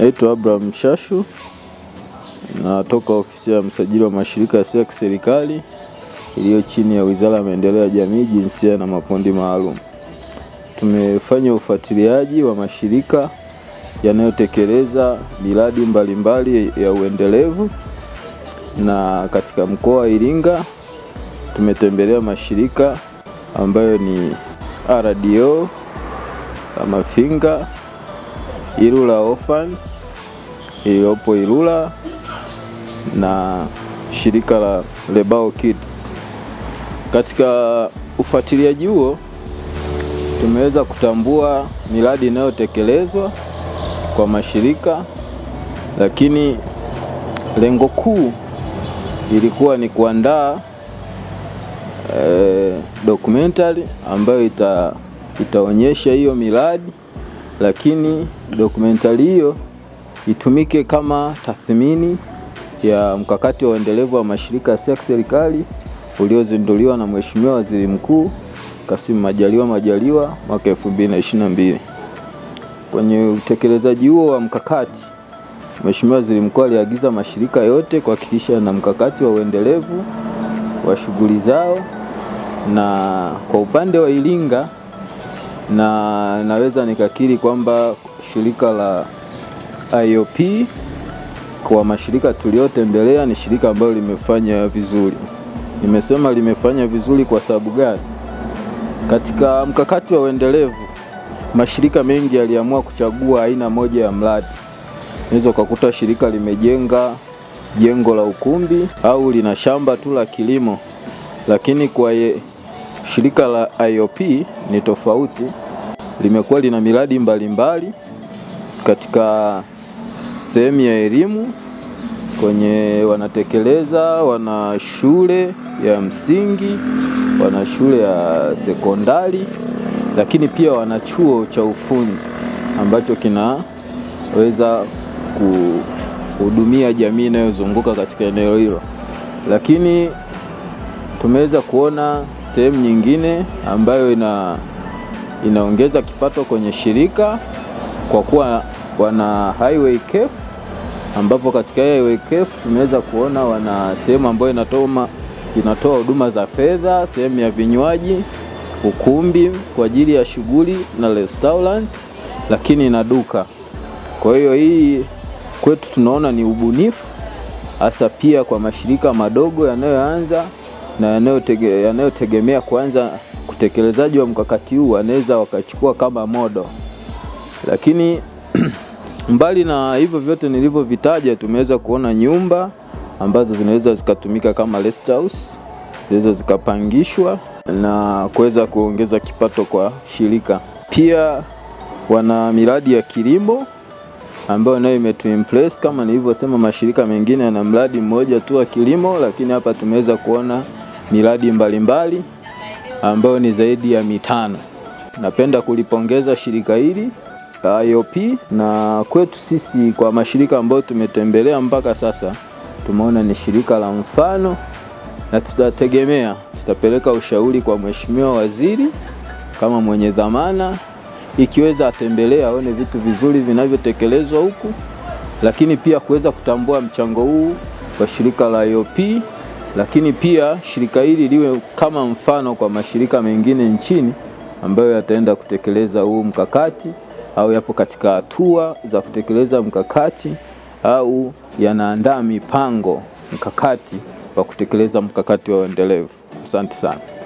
Naitwa Abraham Shashu, natoka ofisi ya msajili wa mashirika yasiyo ya kiserikali iliyo chini ya Wizara ya Maendeleo ya Jamii, Jinsia na Makundi Maalum. Tumefanya ufuatiliaji wa mashirika yanayotekeleza miradi mbalimbali ya uendelevu, na katika mkoa wa Iringa tumetembelea mashirika ambayo ni RDO Mafinga Ilula Orphans iliyopo Ilula na shirika la Lebao Kids. Katika ufuatiliaji huo tumeweza kutambua miradi inayotekelezwa kwa mashirika, lakini lengo kuu ilikuwa ni kuandaa eh, documentary ambayo ita, itaonyesha hiyo miradi lakini dokumentari hiyo itumike kama tathmini ya mkakati wa uendelevu wa mashirika yasiyo ya kiserikali uliozinduliwa na Mheshimiwa Waziri Mkuu Kassim Majaliwa Majaliwa mwaka 2022. Kwenye utekelezaji huo wa mkakati, Mheshimiwa Waziri Mkuu aliagiza mashirika yote kuhakikisha na mkakati wa uendelevu wa shughuli zao, na kwa upande wa Iringa na naweza nikakiri kwamba shirika la IOP kwa mashirika tuliyotembelea ni shirika ambalo limefanya vizuri. Nimesema limefanya vizuri kwa sababu gani? Katika mkakati wa uendelevu, mashirika mengi yaliamua kuchagua aina moja ya mradi. Unaweza ukakuta shirika limejenga jengo la ukumbi au lina shamba tu la kilimo, lakini kwa ye, Shirika la IOP ni tofauti, limekuwa lina miradi mbalimbali mbali, katika sehemu ya elimu kwenye wanatekeleza, wana shule ya msingi, wana shule ya sekondari, lakini pia wana chuo cha ufundi ambacho kinaweza kuhudumia jamii inayozunguka katika eneo hilo, lakini Tumeweza kuona sehemu nyingine ambayo ina inaongeza kipato kwenye shirika kwa kuwa wana highway kef, ambapo katika highway kef tumeweza kuona wana sehemu ambayo inatoa inatoa huduma za fedha, sehemu ya vinywaji, ukumbi kwa ajili ya shughuli na restaurants, lakini na duka. Kwa hiyo hii kwetu tunaona ni ubunifu hasa pia kwa mashirika madogo yanayoanza na yanayotegemea kuanza utekelezaji wa mkakati huu wanaweza wakachukua kama modo. Lakini mbali na hivyo vyote nilivyovitaja, tumeweza kuona nyumba ambazo zinaweza zikatumika kama rest house, zinaweza zikapangishwa na kuweza kuongeza kipato kwa shirika. Pia wana miradi ya kilimo ambayo nayo imetuimpress kama nilivyosema, mashirika mengine yana mradi mmoja tu wa kilimo, lakini hapa tumeweza kuona miradi mbalimbali ambayo ni zaidi ya mitano. Napenda kulipongeza shirika hili la IOP na kwetu sisi kwa mashirika ambayo tumetembelea mpaka sasa tumeona ni shirika la mfano, na tutategemea tutapeleka ushauri kwa Mheshimiwa Waziri kama mwenye dhamana, ikiweza atembelee aone vitu vizuri vinavyotekelezwa huku, lakini pia kuweza kutambua mchango huu wa shirika la IOP lakini pia shirika hili liwe kama mfano kwa mashirika mengine nchini ambayo yataenda kutekeleza huu mkakati au yapo katika hatua za kutekeleza mkakati au yanaandaa mipango mkakati wa kutekeleza mkakati wa uendelevu. Asante sana.